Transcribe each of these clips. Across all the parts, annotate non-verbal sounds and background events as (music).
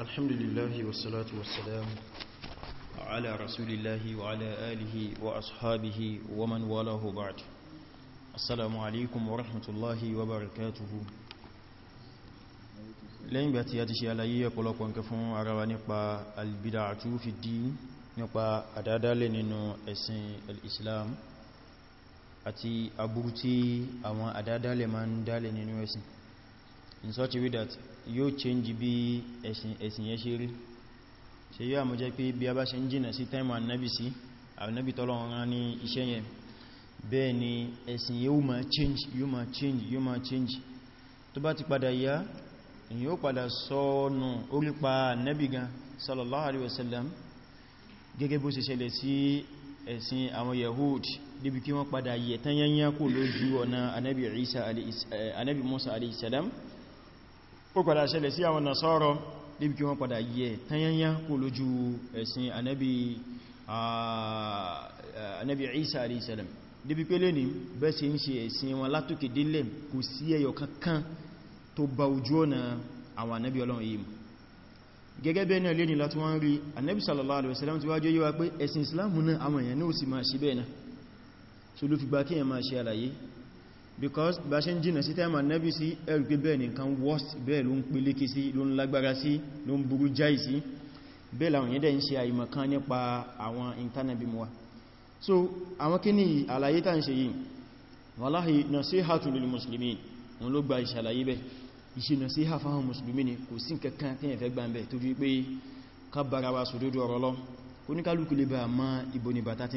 الحمد لله والصلاة والسلام على رسول الله وعلى آله وأصحابه ومن وله بعد السلام عليكم ورحمة الله وبركاته lẹ́yìn gbà tí a ti ṣe àlàyé ọ̀pọ̀lọpọ̀ nǹkan fún ara wa nípa albida'atu fi din nípa àdádálẹ̀ nínú ẹ̀sìn al àti aburú àwọn àdádálẹ̀ ma ń dálẹ̀ nínú ẹ̀sìn in such a way that yóò change bí ẹ̀sìn yẹn ṣe rí ṣe yóò àmọ́ jẹ́ pé bí a bá ṣe ń jìnà sí time annabi sí annabi tọ́lọ́run rán ní iṣẹ́ yẹn bẹ́ẹ̀ ni ẹ̀sìn yóò ma change yóò ma change yóò ma change tó bá ti padà yá èyí ó padà sọ́nù orípa annabi gan sallallahu alaihi wasallam gẹ́gẹ́ bó ṣe ṣẹlẹ̀ sí ẹ̀sìn àwọn yahood débi kí wọ́n padà yẹ̀ tán yányá alaihi salam ó padà ṣẹlẹ̀ sí àwọn nasọ́rọ̀ níbi kí wọ́n padà yẹ tanyanya kó lójú ẹ̀sìn anábi Isa alaihissalam níbi pé lè ní bẹ́ẹ̀ sí ń ṣe ẹ̀sìn wọn látòkè délẹ̀ kò sí ẹyọ kankan tó bá ojú ọ̀nà àwọn anábi ọlọ́run yìí alaihi wasallam ti wájú yíwa pé ẹ̀sìn Islam náà àwọn èèyàn náà sì máa ṣe bẹ́ẹ̀ náà because bá ṣe ń jìnà sí tẹ́mà nẹ́bí sí ẹ̀rù pé bẹ́ẹ̀ nìkan worst bẹ́ẹ̀ ló ń peléke sí ló ń lágbára sí ló ń burú jáì sí bẹ́ẹ̀ làwọn yẹ́dẹ̀ ń ṣe àìmọ̀kan nípa àwọn ìntánẹ̀bí so àwọn kí ni àlàyé tàn ṣe yìí wàláhì nasihatu muslimin wọn ló gba ìṣàlàyé bẹ́ ìṣe nasiha fáwọn musulmi ni kò sí kankan wa sòdodo ọ̀rọ̀ lọ oníkálukú lè bá a mọ ìbònìbàtà ti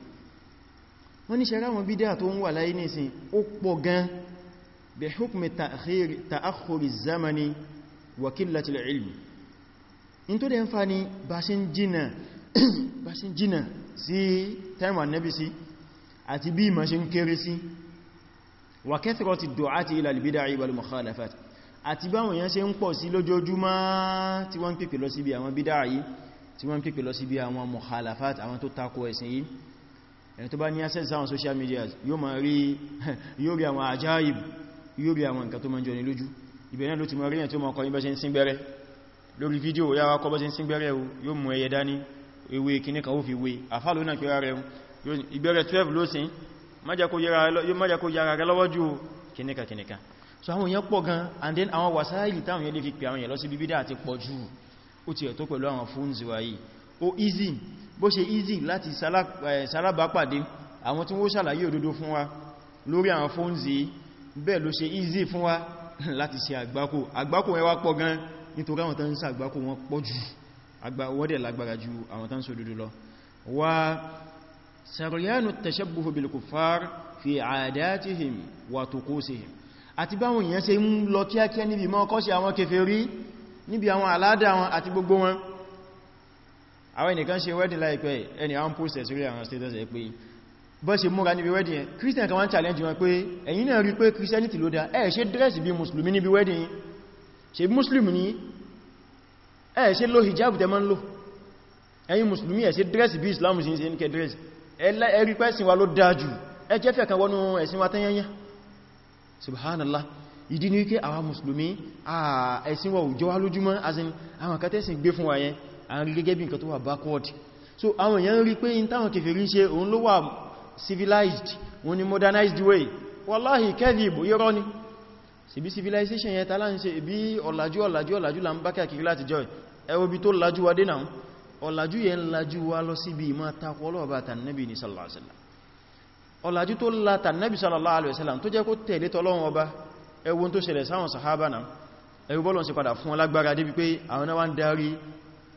wọ́n ní ṣẹ́rá wọn bídá tó ń wà láyé nìsìn ó pọ̀ gan bí hukmi ta'akhuri zamani wa qillati ilmi in tó dẹ̀ ń fa ni bá ṣe ń jìnà (clears throat) sí taiwan nabi sí àti bí ma ṣe ń kéré sí wa kathrati du'ati ila al-bid'i wal mukhalafat àti báwọn èèyàn ṣe ń pọ̀ sí lójoojúmọ́ tí wọ́n ń pèpè lọ síbi àwọn bídá yìí tí wọ́n ń pèpè lọ síbi àwọn mukhalafat àwọn tó takò ẹ̀sìn yìí ẹni tó bá ní access àwọn social media yóò ma rí (laughs) yóò rí àwọn ajáyìb yóò rí àwọn nǹkan tó ma jọ ní lójú ibẹ̀ náà ló ti mọ̀ rí ẹ̀ tó ma kọ́ yí bá ṣe ń sín gbẹ́rẹ́ lórí fídíò yára kọ́ bá ṣe ń sín yóò mú ẹyẹ dání ewé kìíní kan ó fi wé àfá ló náà so àwọn èèyàn pọ̀ gan and then àwọn wàsáìlì táwọn èèyàn lè fi pè àwọn èèyàn ó easy bó ṣe easy láti ṣalábàápàdé eh, àwọn tí wọ́n ṣàlàyé òdodo fún wa lórí àwọn fóúnzì bẹ́ẹ̀ ló ṣe easy fún wa (laughs) láti ṣe àgbákò àgbákò ẹ wá pọ̀ gan nítorí àwọn tán ń ṣàgbákò wọn pọ̀ jù wọ́dẹ̀ lágbára ju àwọn tán sọ òdodo lọ wa sariyanu tashabbuhu bil kuffar fi adatihim wa tuqusihim àti báwọn èèyàn ṣe ń lọ kíákíá níbi mọ́ kọ́sí àwọn kèfèrí níbi àwọn aládà wọn àti gbogbo wọn àwọn ẹnìkan ṣe wedding láìpẹ́ ẹni àwọn posters rí àwọn status ẹ pé bọ́ ṣe múra níbi wedding christian kan wá challenge wọn pé ẹ̀yin náà rí pé christianity ló dá ẹ ṣe dress bí musulmi níbi wedding ṣe muslim ní ẹ ṣe lo hijab tẹ máa ń lò ẹ̀yin musulmi ẹ ṣe dress bí islam sí ṣe ní kẹ dress ẹ rí pé ẹ̀sìn wa ló dá jù ẹ jẹ́ fẹ́ kan subhanallah ìdí ni wípé àwa musulmi ẹ̀sìn wa ò jọ azin àwọn akẹ́tẹ́sìn gbé fún a rí gẹ́gẹ́ bí nǹkan tó wà backward so àwọn èèyàn rí pé in táwọn kèfèrí ṣe òun ló wà civilized wọn ni modernized way wallahi kẹ́dìb irọ́ ni ṣebí civilization yẹn tàlá ń ṣe bí ọ̀làjú ọ̀làjú ọ̀làjú là ń bá kàkiri láti jọ ẹ wo bí tó làjú wa dé náà ọ̀làjú yẹn làjú wa lọ síbi ìmá takọ ọlọ́ọ̀bá tànàbì ní sallallahu alaihi wasallam ọ̀làjú tó la tànàbì sallallahu alaihi wasallam tó jẹ́ kó tẹ̀lé tọ́lọ́wọ́n ọba ẹwọ́n tó ṣẹlẹ̀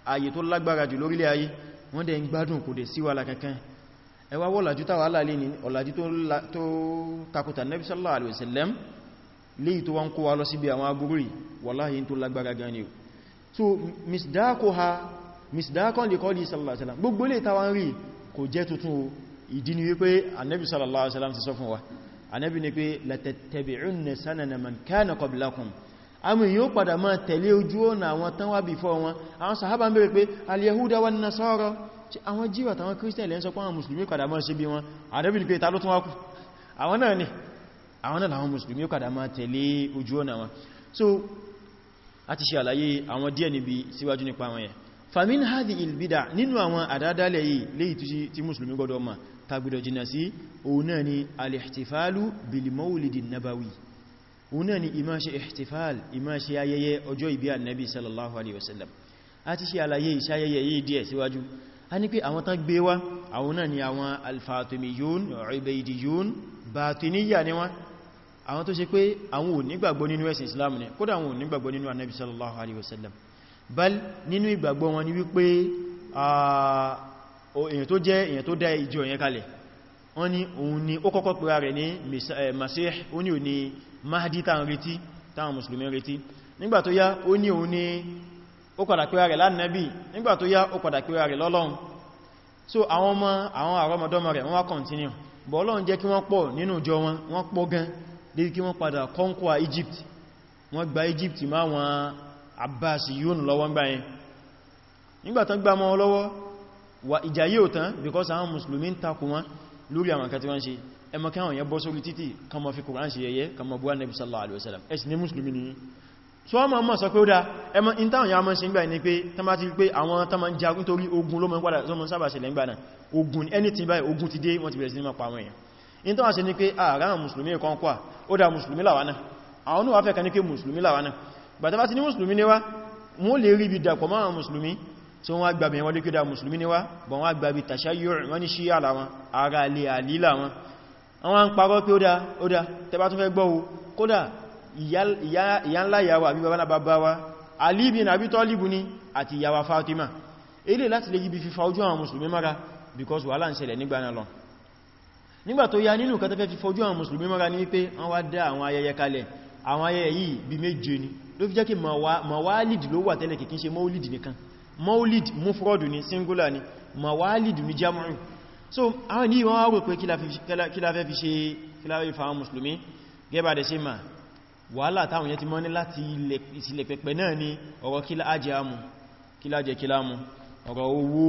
ààyè tó lágbára jù lórílẹ̀ ayé wọ́n dẹ̀ ń gbádùn kò dẹ̀ sí wàhálà kankan ẹ wá wo ọ̀làjú táwà aláàlẹ́ ni ọ̀làjú tó takùtà nẹ́bí sallallahu alaihi wasallam léyìí tó wá ń kó wa lọ síbi àwọn agbúrú so misdako ha misdakon lè kọ́ sallallahu alaihi wasallam gbogbo lè táwà ń rí kò sallallahu alaihi wasallam ti sọ fún wa anẹ́bí ni pé latattabi'unna sanana àmì yóò padà máa tẹ̀lé ojú ọ̀nà àwọn tán wà bí fọ́ wọn àwọn sàhábà ń bèèrè pé al-yahuda wa nasara tí àwọn jíwà tàwọn kírísítẹ̀ lẹ́sọ pọ́ àwọn musulmi padà máa ṣe bí wọn àdẹ́bì pé ta ló àwọn náà ni so a ti ṣe àlàyé àwọn díẹ̀ níbi síwájú nípa wọn yẹn famin hadhi ilbida nínú àwọn àdádálẹ̀ yìí léyìí tí musulmi gbọdọ̀ mọ̀ tàgbìdọ̀ jìnà òun náà ni ìmá ṣe ihtifal ìmá ṣe ayẹyẹ ọjọ́ ìbí annabi sallallahu alaihi wasallam a ti ṣe àlàyé ìṣayẹyẹ yìí díẹ̀ síwájú a ní pé àwọn tán gbé wá àwọn náà ni àwọn alfatumiyun ubaidiyun batiniya ni wọ́n àwọn tó ṣe pé àwọn ò nígbàgbọ́ nínú ẹ̀sìn islam ni kódà àwọn ò nígbàgbọ́ nínú annabi sallallahu alaihi wasallam bal nínú ìgbàgbọ́ wọn ni wípé èyàn tó mahdi táwọn retí táwọn musulmi retí nígbà ya yá ó ní òun ní ó padà pé rẹ̀ lánàbí nígbà tó yá ó padà pé rẹ̀ lọ́lọ́run so àwọn ọmọ àwọn àrọmọdọ́mọ rẹ̀ wọ́n wá continue bọ́ ọlọ́run jẹ́ kí wọ́n pọ̀ nínú ìjọ wọn wọ́n pọ̀ gan débi kí wọ́n padà conquer Egypt wọ́n gba Egypt má wọn Abbas yóò lọ́wọ́ gbá yẹn nígbàtán gbá mọ́ lọ́wọ́ wà ìjà yóò tán because àwọn musulmi ń takò wọn lórí àwọn kan tí wọ́n ṣe ẹmọ kí àwọn yẹn bọ́ sórí títì kan mọ́ fi kùrán ṣe yẹyẹ kan mọ́ buwá nẹ́bí sallallahu alaihi wasallam ẹ̀sìn ní mùsùlùmí ni so wọ́n mọ́ sọ pé ó dá ẹmọ intawọn ya mọ́ sí gbà ní pé tán bá ti pé àwọn tán jagun torí ogun ló mọ́ padà tó mọ́ sábà ṣẹlẹ̀ ńgbà náà ogun anything báyìí ogun ti dé wọ́n ti bẹ̀rẹ̀ sí ní máa ni wá wọ́n lè rí ibi dàpọ̀ mọ́ àwọn mùsùlùmí tí wọ́n gbàbẹ̀ wọ́n lè kí ó dá mùsùlùmí ni wá bọ̀ wọ́n gbàbẹ̀ tàṣáyọ̀ wọ́n ní ṣíyà làwọn ara lè àlílà wọn àwọn ń parọ́ pé ó dá ó dá tẹbá tún fẹ́ gbọ́ o kódà ìyá ìyàwó àbí bàbá bàbá wa Ali bin Abi Talib ni àti ìyàwó Fatima ilé láti lè yíbi fífa ojú àwọn mùsùlùmí mara because wàhálà ń ṣẹlẹ̀ nígbà náà lọ nígbà tó ya nínú kẹta fẹ́ fífa ojú àwọn mùsùlùmí mara ní wípé wọ́n wá dá àwọn ayẹyẹ kalẹ̀ àwọn ayẹyẹ yìí bí méje ni ló fi jẹ́ kí mawalid so àwọn ní wọ́n wọ́n pé kí la fẹ́ fi ṣe kí la fẹ́ fa àwọn mùsùlùmí gẹ́bà dẹ̀ ṣe ma wàhálà táwọn yẹn ti mọ́ ní láti ìsìlẹ̀ pẹ̀pẹ̀ náà ni ọ̀rọ̀ kí la ajẹ́ amú kí la jẹ́ kí la mú ọ̀rọ̀ owó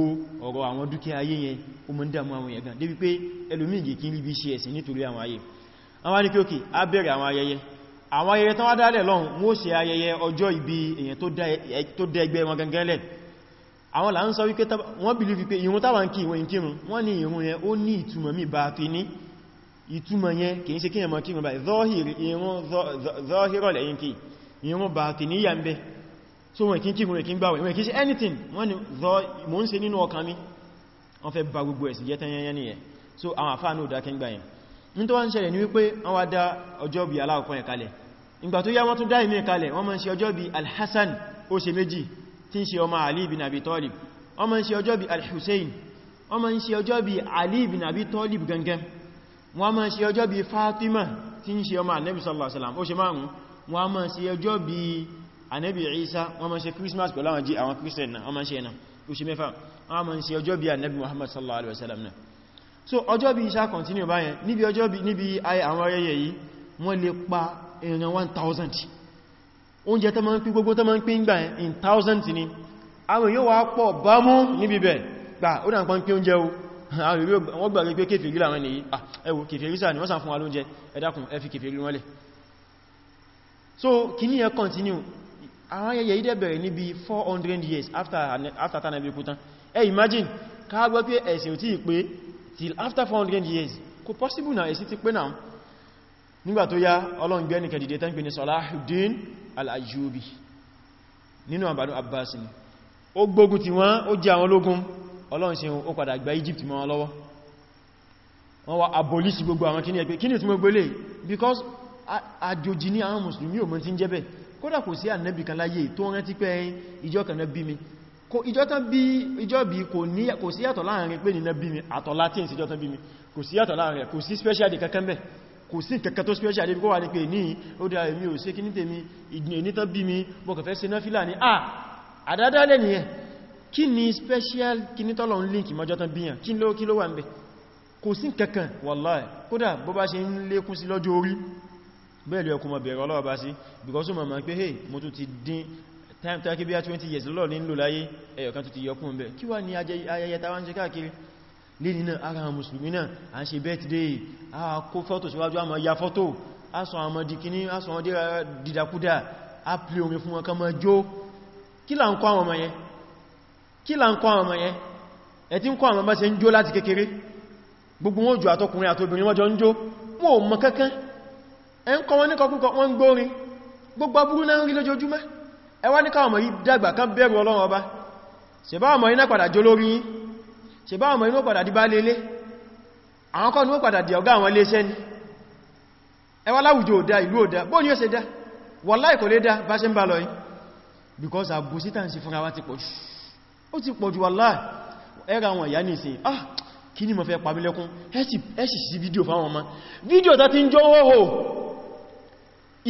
ọ̀rọ̀ àwọn dúkìá ayé yẹn ó mọ́ ń dàmú àwọn yẹn gan débi pé ẹlòmíì gè kí níbi ṣe ẹ̀sìn nítorí àwọn ayẹyẹ àwọn là ń sọ wípé wọ́n bìlú wípé ìrun táwà ń kí ìwọ̀n ìkírun wọ́n ní ìrun yẹn ó ní ìtumọ̀ mí bá fi ní ìtumọ̀ yẹn kìí ṣe kíyàmọ̀ kírun bá zọ́hírọ̀ lẹ́yìn kí bá fi ní yàmbẹ́ so wọ́n kí kírun kí anything wọ́n ni mò ń ṣe nínú ọkàn mi wọ́n fẹ́ so àwọn àfáà ní òdá kẹ́ngbà yẹn ní tó wá ń ṣẹlẹ̀ ní wípé wọ́n wá dá ọjọ́ bí aláàkọ́ yẹn tí ń ṣe ọmọ Ali bin Abi Talib ọmọ ń ṣe ọjọ́ bí al-Hussein ọmọ ń ṣe ọjọ́ bí Ali bin Abi Talib gangan wọ́n máa ń ṣe ọjọ́ bí Fatima tí ń ṣe ọmọ Ànábì sallallahu alaihi wasallam ó ṣe márùn máa ń Isa wọ́n máa ń ṣe Christmas pẹ̀lú àwọn jí àwọn Christian náà wọ́n máa ń ṣe náà ó ṣe mẹ́fà wọ́n ọjọ́ bí Muhammad sallallahu alaihi wasallam so ọjọ́ bí continue báyẹn níbi ọjọ́ bí níbi àwọn ayẹyẹ yìí wọ́n lè oúnjẹ tó máa ń pín gbogbo tó máa ń pín gbà in thousands ni àwọn yóò wá pọ̀ bá mú níbi bẹ̀ gbà ó dà ń pín oúnjẹ o wọ́n gbà wípé kèfèrí láwọn ni ẹwò kèfèrí sáà ni wọ́n sàn fún wa lóúnjẹ ẹ kèfèrí so kìíní yẹn continue àwọn ayẹyẹ ìdẹ́ bẹ̀rẹ̀ níbi 400 years after after tanabi kú tán ẹ imagine ká gbọ́ pé ẹ̀sìn ò tí ì till after 400 years kò possible na ẹ̀sìn ti pé náà nígbà tó yá ọlọ́ngbẹ́ni tán Sọlá al-Ayyubi nínú àbánú Abbas ni ó gbógun ti wọ́n ó jẹ́ àwọn ológun ọlọ́run ṣe ó padà gba Egypt mọ́ wọn lọ́wọ́ wọ́n wá abolish gbogbo àwọn kíní ẹgbẹ́ kíní tí mo gbélé because àjòjì ní àwọn mùsùlùmí ò mọ̀ tí ń jẹ́ bẹ̀ kódà kò sí ànábì kan láyé tó rántí pé ìjọ kan náà bí mi ìjọ tán bí ìjọ bí kò sí yàtọ̀ láàrin pé ní bí mi àtọ̀ látí ìsìjọ tán bí mi kò sí yàtọ̀ láàrin kò sí special day kankan bẹ́ẹ̀ kò sí kẹ̀kẹ́ tó special àdébí kó wà ní pé ní ó dá èmi ò sí kí ní tèmi ìgbìn ní tán bí mi bọ́kàfẹ́ sí náà fílà ní à ah, àdádá lẹ́ni ẹ̀ kí ni special kí ní tọ́lọ̀ ń link mọ́jọ́ tán bíyàn kí ló kí ló wà ń bẹ kò sí kẹ̀kẹ́ wallahi kódà bó bá ṣe ń because mo mọ̀ hey mo tún time tó kí bí i years lọ́ọ̀ ní ń lò láyé ẹyọ̀kan tó ti yọkún bẹ̀ kí wá ní ayẹyẹ tàwọn jẹ lè nínú ara musulmi náà a ṣe birthday a kó fọ́tò síwájú àmà ya fọ́tò a sọ àmà dìkíní a sọ àmà dìdàkúdà a plé omi fún ọkà ma jó kí là ń kọ́ àwọn ọmọ yẹn kí là ń kọ́ àwọn ọmọ yẹn ẹ ti ń kọ́ àwọn ọmọ ṣe ń jó láti kékeré gbogbo wọn jù àtọkùnrin àtobìnrin wọ́n jọ ń jó wọn ò mọ kankan ẹ ṣe bá ọmọ inú padà di bá lélé àwọn kọ́ ni ó padà di ọ̀gá àwọn iléeṣẹ́ ni ẹwà láwùjọ òdá ìlú òdá bóò ni ó ṣe dá wàláhì kò lè dá bá ṣe ń bá lọ yìí because àbò síta ń ṣe fúnra wá ti pọ̀jù ó ti pọ̀jù wàláhì ẹra àwọn ìyá nìsìn ah kí ni mo fẹ́ pàmílẹ́kún ẹ sì sí fídíò fáwọn ọmọ fídíò tá ti ń jọ hóhò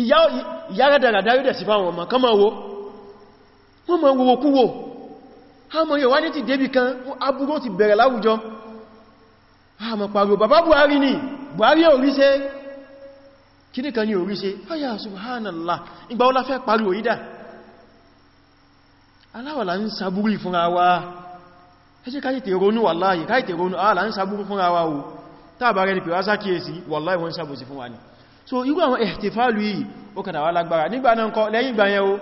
ìyá rẹ̀dàràdà yóò dẹ̀ sí fáwọn ọmọ kọ́mọ̀ wo wọ́n mọ̀ wo àmọ́ yóò wá ní ti débì kan abúgbó ti bẹ̀rẹ̀ láwùjọ àmọ́ pàrò bàbá Buhari ni Buhari yóò rí ṣe kíní kan ní orí ṣe ayà ah subhanallah ìgbà ọlá fẹ́ pariwo yídà aláwàlá ń sàbúrí fúnra wa ẹjẹ́ káyì tèrònú wàláyì káyì tèrònú ààlà ń sàbúrí fúnra wa o tàbàrẹ ni pèrásá kíyèsí wàláyì wọ́n sàbòsí fún wa ni so irú àwọn ẹ̀tẹ̀fàálù yìí ó kàdà wá lágbára nígbà náà kọ lẹ́yìn ìgbà yẹn o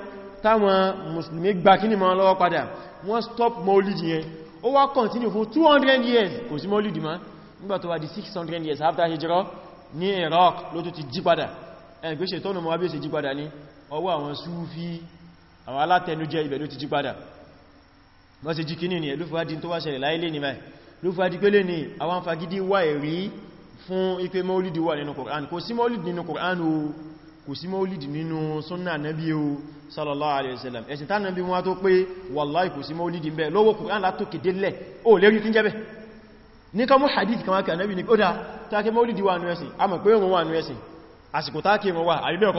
táwọn mùsùlùmí gbà kíní mọ́ lọ́wọ́ padà wọ́n stop maulid yẹn ó wá continue fún 200 years kò sí maulid ma nígbà tó wá di 600 years after hijra ní Iraq ló tó ti jí padà ẹgbẹ́ ṣe tọ́nà mọ́wàbí ṣe jí padà ní ọwọ́ àwọn Sufi àwọn alátẹnujẹ ibẹ̀ ló ti jí padà wọ́n ṣe jí kíní ni ló fàájí tó wá ṣẹlẹ̀ láìlé ní báyìí ló fàájí pé lè fagidi wà ẹ̀rí fún ipé maulid wà nínú Qur'an kò sí maulid nínú kò sí maulidi nínú súnnà nabi o sallallahu alaihi wasallam ẹ̀sìn tánà bí wọ́n tó pé wallahi kò sí maulidi ń bẹ lọ́wọ́ Kùránì látòkè délẹ̀ o lérí tí ń jẹ́bẹ̀ ní ká mú hadith kan wákà nabi tákẹ maulidi wà nú ẹ̀sìn a mọ̀ pé wọn wà nú ẹ̀sìn àsìkò tákẹ wọn wà àríbẹ̀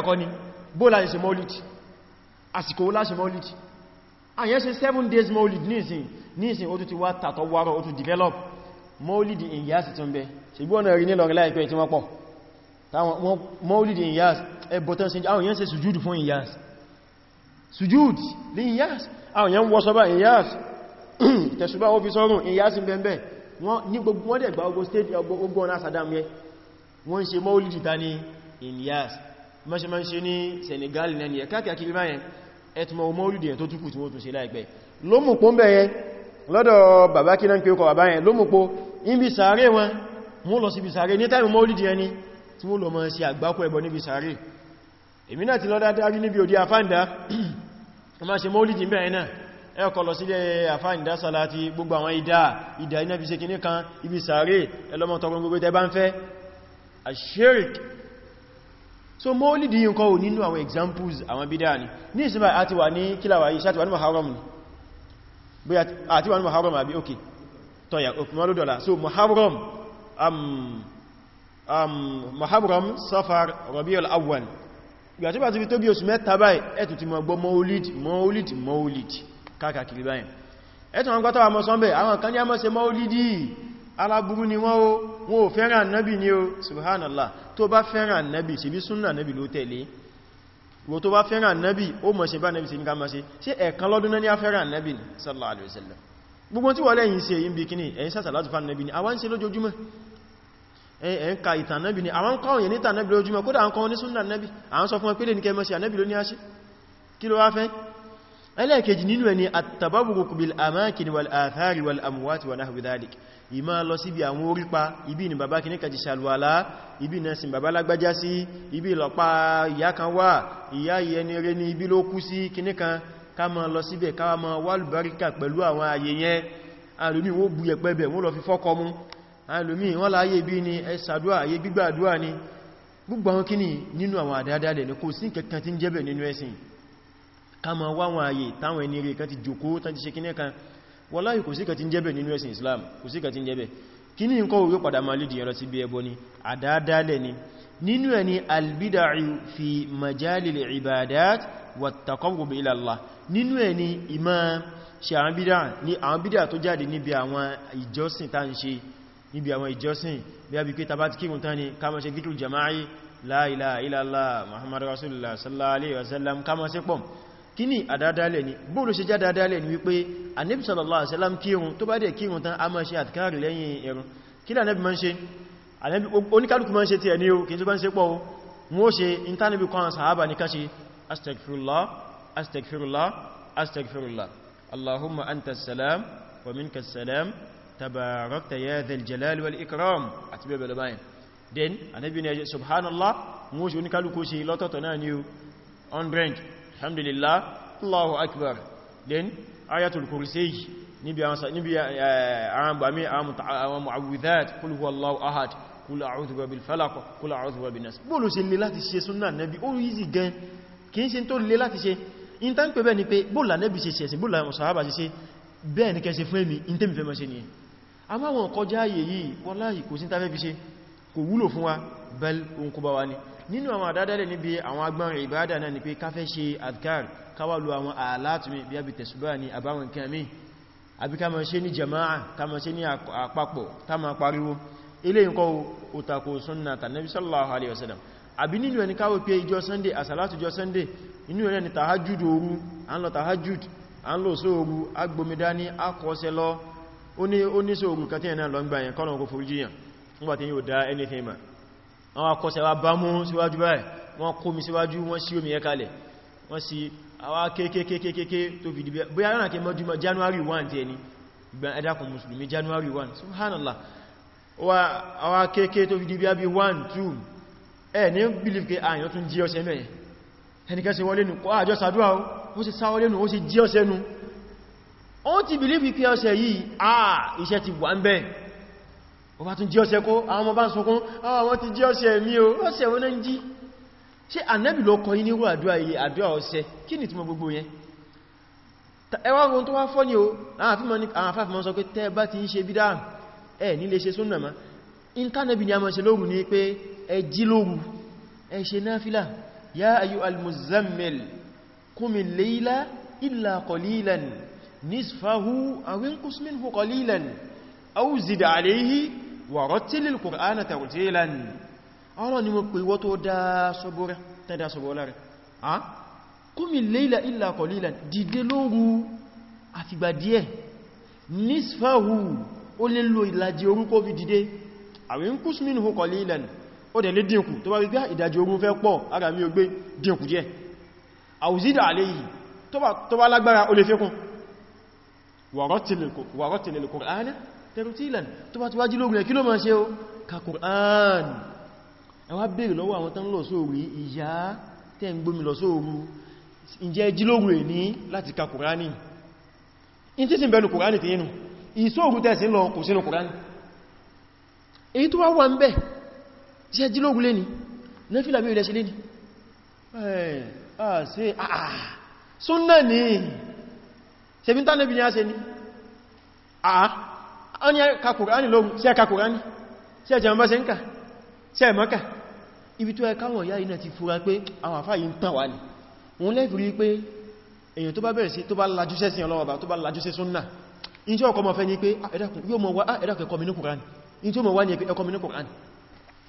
ọkọ́ ni maulidi àsìkò láṣe maulidi àyẹ́ ṣe seven days maulidi ní ìsìn ní ìsìn ó tún ti wá tàtọ̀ develop maulidi ìyá sì tún bẹ ṣe gbọ́nà rí nílọ̀rẹ́ láìpẹ́ táwọn mọ́lìdì ìyáz ẹbọ̀tán sí àwọn yẹn ṣe sùjúdù fún ìyáz sùjúdù lè ìyáz àwọn yẹn wọ́sọ́bá ìyáz (clears throat) tẹ̀sùbá ó fi sọ́rùn ìyáz bẹ̀m̀bẹ̀ wọ́n ní gbogbo wọ́n dẹ̀gbà ogun state ogun ọ̀nà Saddam yẹ wọ́n ṣe mọ́lìdì ta ní ìyáz mọ́ṣe ní Senegal nẹni ẹ̀ káàkiri báyẹn ẹtùmọ̀ mọ́lìdì ẹ̀ tó túkù tí wọ́n tún ṣe láìpẹ́ lómùpó ń bẹ̀yẹ lọ́dọ̀ bàbá kí náà ń pè ọkọ̀ bàbá yẹn lómùpó ń bí sàárè wọn mú lọ sí bí sàárè ní táìmù mọ́lìdì ẹni tí wọ́n lọ máa ṣe àgbákò ẹbọ níbi sàárè èmi náà ti lọ dáadáa níbi òdí àfáǹdá (clears throat) wọ́n máa ṣe mọ́lìdì mẹ́rin náà ẹ̀kọ́ lọ sílẹ̀ àfáǹdá sàláti gbogbo àwọn ìdá ìdá iná fi ṣe kìní so mọ́lìdì yìí kọ́ nínú àwọn examples àwọn ni ní ìsinmi àti wà ní kílàwà yìí sáti wà ní Muharram ni bóyá àti wà ní so Muharram um, um, muharram safar rabi al'awwal ìgbà tí bá ti fi tó bí oṣù mẹ́ta báyìí ẹ̀tù ti mọ̀ gbọ́ maulid maulid maulid káàkiri báyìí ẹ̀tù wọn gbátawà mọ́ sọ́nbẹ̀ àwọn kan ní a mọ́ ṣe maulidi aláburú ni wọ́n o wọ́n o fẹ́ràn nábì ni o subhanallah tó bá fẹ́ràn nábì ṣe bí súnnà nábì ló tẹ̀lé wo tó bá fẹ́ràn nábì ó mọ̀ ṣe bá nábì ṣe ní ká mọ́ ṣe ṣe ẹ̀kan lọ́dún náà ni a fẹ́ràn nábì sallallahu alaihi wasallam gbogbo tí wọ́n lẹ́yìn ṣe yìí bí kíní ẹ̀yìn sàtàlátù fán nábì ni àwọn ṣe lójoojúmọ́ ẹ̀ ń ka ìtàn ni àwọn kọ́ òyìn níta nábì lójúmọ́ kódà àwọn kan ní súnnà nábì àwọn sọ fún wọn pélé ní kẹmọ́ sí ànábì ló ní àṣí kí ló wá fẹ́ ẹlẹ́ẹ̀kejì nínú ẹni at-tabarruk bil ni bàbá kìníkà ti ṣàlùwàlá ibi ibi ìlọ́pá ìyá kan wà ìyá ìyẹni ibi ló kú sí kìníkan ká ma lọ síbẹ̀ ká ma wálùbáríkà pẹ̀lú àwọn alùmí wọ́n láyé bí ní ẹsàdúwà ayé gbígbàdúwà ní gbogbo àwọn kíní nínú àwọn àdádálẹ̀ ní kò sí kẹkàn tí ń jẹ́bẹ̀ nínú ẹ̀sìn kama wáwọn ayé táwọn ẹni rẹ̀ kan ti jòkó tán ṣe kíní kan nínú ẹ̀ ni albidari fi majalil ibadat wa àwọn bídà tó jáde níbi àwọn ìjọsìn tá ń ṣe níbi àwọn ìjọsìn bí a bí pé tàbátí kírun tán ni ká má ṣe gítù jama'i la ilaha illallah muhammadu rasulullah sallallahu alaihi wasallam ká má ṣe pọ̀ kí ni àdádálẹ̀ ni bóòlù ṣe já dádálẹ̀ ni wípé annabi sallallahu alaihi wasallam kírun tó bá dẹ̀ kírun tán a máa ṣe àtikáàrì lẹ́yìn ẹ̀rùn kí lànàbí máa ń ṣe oníkálùkù máa ń ṣe tí ẹni o kí tó bá ń ṣe pọ̀ wọ́n ṣe intanabi kan sahaba ní káṣe tabarakta ya dhal jalal wal ikram àti bẹ́ẹ̀ bẹ́ẹ̀ bayin den anabi ne subhanallah mo ṣe oníkálùkù ṣe lọ́tọ̀tọ̀ náà ni o 100 alhamdulillah allahu akbar den ayatul kursi níbi àwọn níbi eh, àwọn bami àwọn mu'awwidhat qul huwallahu ahad qul a'udhu bil falaq qul a'udhu bin nas bolu ṣe le láti ṣe sunna nabi o easy gan kin ṣe tó le láti ṣe in tan pe be ni pe bola nabi a máa wọn kọjá ayè yìí wọ́láhì kò sí tàbí fi ṣe kò wúlò fún wa bel ohunkú bá wa ní nínú àwọn àdádálẹ̀ níbi àwọn agbárin ìbádà náà ni pé ká fẹ́ ṣe adkar káwàlú àwọn àlátùmí bí i tẹ̀sùbá ní àbáwọn jama'a ká máa ṣe ní àpapọ̀ tá máa pariwo ilé nǹkan ó tako sunna tànàbí sallallahu alaihi wasallam àbí nínú ẹni káwọ́ pé ìjọ sunday àsàlátù jọ sunday inú ẹni tahajjud òru à ń lọ oníṣògùn kan tí ẹ̀nà lọ ń gbà yẹn kọ́nà kò foríjì yàn nígbà tí yóò dá anything ma àwọn akọ́sẹ̀ wa bá mú síwájú báyìí wọ́n kó mi síwájú wọ́n sí omi ẹkalẹ̀ wọ́n sí àwá kéèkéèkéèkéèké tó fi dìbẹ̀ bóyá ránà kí mọ́júmọ́ January 1 ti ẹni January 1 subhanallah àwá kéèkéè tó fi dìbẹ̀ bí 1 2 ẹ̀ ní believe pé àyàn ah, tún jí ọ̀sẹ̀ mẹ́yẹn ẹnikẹ́ sí wọlé nù kọ́ àjọ́sàdúrà ó sì sáwọlé ó ti believe pé ọ̀sẹ̀ yìí àà ah, iṣẹ́ ti wà ń bẹ́ o bá tún jí ọ̀sẹ̀ kó àwọn ọmọ bá ń sọkún àwọn ah, ti jí ọ̀sẹ̀ mi o ọ̀sẹ̀ wọ́n ń jí ṣe ànábì lọ kọ inú àdúrà yìí àdúrà ọ̀sẹ̀ kí ni túnmọ̀ gbogbo yẹn ẹwà ohun tó wá fọ́ ni o àwọn afẹ́fẹ́ ti ń ṣe bídá ẹ̀ nílé ṣe súnnà mọ́ intanẹ́bì ni a mọ̀ ṣe lóru ní pé ẹ jí lóru ya ayu almuzammil muzammil qumi illa qalilan nisfahu aw inqus minhu qalilan aw zid alayhi wa rattil al-qur'ana tartilan àwọn ni mo pè ìwọ tó dá sobore te dá sobore re ha qumi layla illa qalilan dìde lóru àfi gbà díẹ̀ nisfahu ó lè lo ìlàjì orun kó fi dìde aw inqus minhu qalilan ó dẹ̀ dínkù tó bá wípé ìdajì orun fẹ́ pọ̀ ara mi ò dínkù díẹ̀ tó bá lágbára ó lè fẹ́kún wàrọ́tìlẹ̀ kùránì tẹ̀rùtílẹ̀ tó bá ti wájí lórí ẹ̀ kí ló máa ṣe ó ka kùránì ẹ wá bèèrè lọ́wọ́ àwọn tán lọ sóòrù ìyá tẹ́ ń gbómi lọ sóòrù ìjẹ́ jí lórí ẹ̀ ní láti ka kùránì in tí sì bẹ̀rù kùránì ti yínú ìsóòrù tẹ́sí lọ kò sínú kùránì èyí ni ṣe bí tánàbí ni a ṣe ní àá ọ́nà kakùránì lóòrùn sí ẹkakùránì sí ẹjẹ̀ ọmọ ṣe ń kà sí ẹmọ́kà ibi tó ẹkáwọn ìyá iná ti fura pé àwọn àfá yìí ń tàn wà ní wọ́n lẹ́fìrí pé èyàn tó bá bẹ̀rẹ̀ sí tó bá lajú sẹ́ ọlọ́wọ́ ni pé ah, ẹ̀dàkùn yóò mọ̀ wá ah, ẹ̀dàkùn ẹ̀kọ́ mi ní kùránì in tí ó mọ̀ wá ní ẹ̀kọ́ mi ní kùránì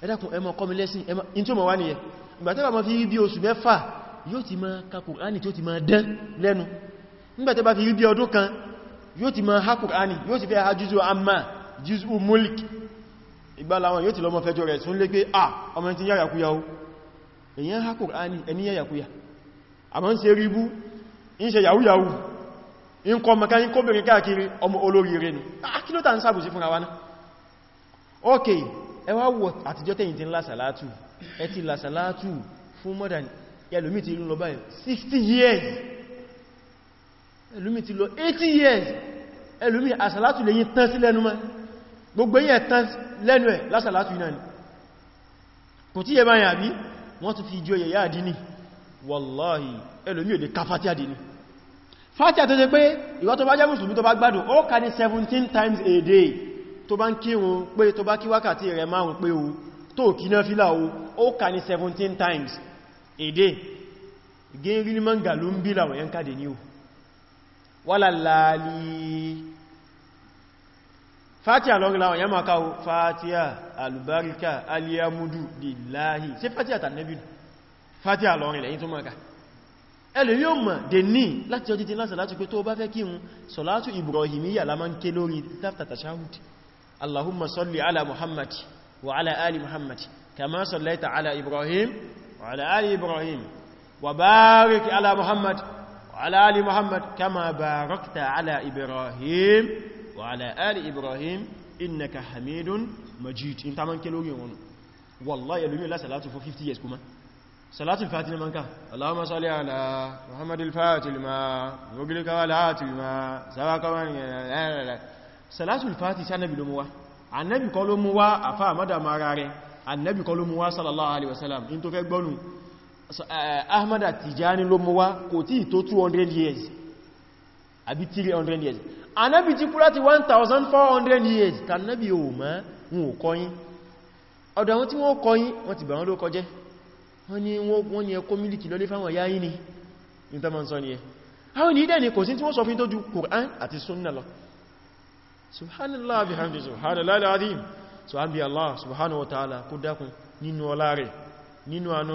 ẹ̀dàkùn ẹmọ ọkọ̀ mi lẹ́sìn in tí ó mọ̀ wá ní ẹ̀ ìgbà tẹ́bà mọ̀ fi bí oṣù mẹ́fà yóò ti máa ka nígbàtẹ́ bá fi rí bí ọdún kan yóò ti máa ha Kùránì yóò ti fẹ́ ha jùzù amma jùzù mulk ìgbàláwọn yóò ti lọ mọ́ fẹ́jọ rẹ̀ tún lé pé à ọmọ ẹni tí yàyàkúyà ó èyàn ha Kùránì ẹni yàyàkúyà àmọ́ ń ṣe ríbú ń ṣe yàwúyàwú ń kọ maka ń kóbìnrin káàkiri ọmọ olórí rẹ̀ ni ah, kí ló ta ń sábò sí fúnra wa náà ti ń lásàlátù ti ń lọ báyìí 60 years ẹlùmí ti lọ 80 years ẹlùmí àsàlátù lè yí tán sí lẹ́nu mọ́ gbogbo yẹn tán lẹ́nu ẹ̀ lásàlátù iná ni kò tí yẹ bá yà bí wọ́n tún fi jíọ yẹ̀yà àdíní wallahi ẹlùmí ò lè ka fàtí àdíní fàtí àtọ́ jẹ́ pé ìwà tó bá jẹ́ mùsùlùmí tó bá gbádùn ó kà ní 17 times a day tó bá ń kírun pé tó bá kí wákàtí rẹ̀ márùn pé o tó kí náà fílà o ó kà ní 17 times a day gẹ́rin mọ́ngà ló ń bí làwọ̀ yẹn káde ní o wọ́lá láàlì fatiha lọ́rí láwọn yamma káwọ fatiha alubarika aliyamudu lillahi sí fatiha tàbí fatiha lọ́rí lẹ́yìn tó mọ́ka ẹlẹ̀ yóò mọ̀ dè ní láti ọdí tí lásà láti pé tó bá fẹ́ kí hun sọ̀látù ibrahimiyya la máa ń ké lórí tafta tashahud allahumma salli ala muhammad wa ala ali muhammad kama sallaita ala ibrahim wa ala ali ibrahim wa barik ala muhammad وعلى آل محمد كما باركت على إبراهيم وعلى آل إبراهيم إنك حميد مجيد انت من كيلو يون والله يلومي لا سلاته for 50 years كما صلاة الفاتحة من كان اللهم صلي على محمد الفاتح لما وقلك والعات لما سواك من صلاة الفاتحة النبي لموا النبي قالوا موا أفا مدى مراري النبي قالوا موا صلى الله عليه وسلم انتو فيك بلو Eh, eh, Ahmad Tijani ló mú wá kò tí tó 200 years àbí 300 years anábi ti kú láti 1400 years tànábi ò mọ́ wọn ò kọyín ọ̀dọ̀ àwọn tí wọ́n kọyín wọ́n ti bà wọ́n ló kọjẹ́ wọ́n ni wọ́n ni ẹkọ́ mílìkì lọlé fáwọn yáyí ni ní tọ́mọ̀ sọ ni ẹ àwọn ní ìdẹ́ kò sí tí wọ́n sọ fún tó ju Qur'an àti Sunna lọ subhanallah bihamdi subhanallah alazim so an Allah subhanahu wa ta'ala kó dákun nínú ọlá rẹ̀ nínú àánú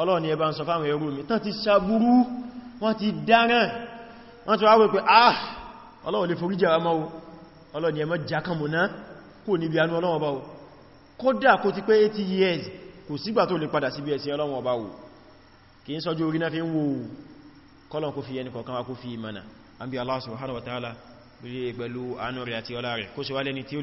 ọlọ́ni ẹba ń sọ fáwọn ẹrù mi tán ti ṣàbúrú wọ́n ti dáràn wọ́n ti wáwẹ́ pé ah ọlọ́wọ̀ lè forí jẹ́wà máa ọlọ́ni ẹmọ́ jákàmù náà kò níbi anú ọlọ́wọ̀ báwò kódà kó ti pé 80 years kò sígbà tó lè padà sí bẹ̀ẹ̀sì ọlọ́wọ̀ báwò Allah subhanahu wa ta'ala pẹ̀lú àánú rẹ̀ àti ọlá rẹ̀ kó ṣe wá lẹ́ni tí ó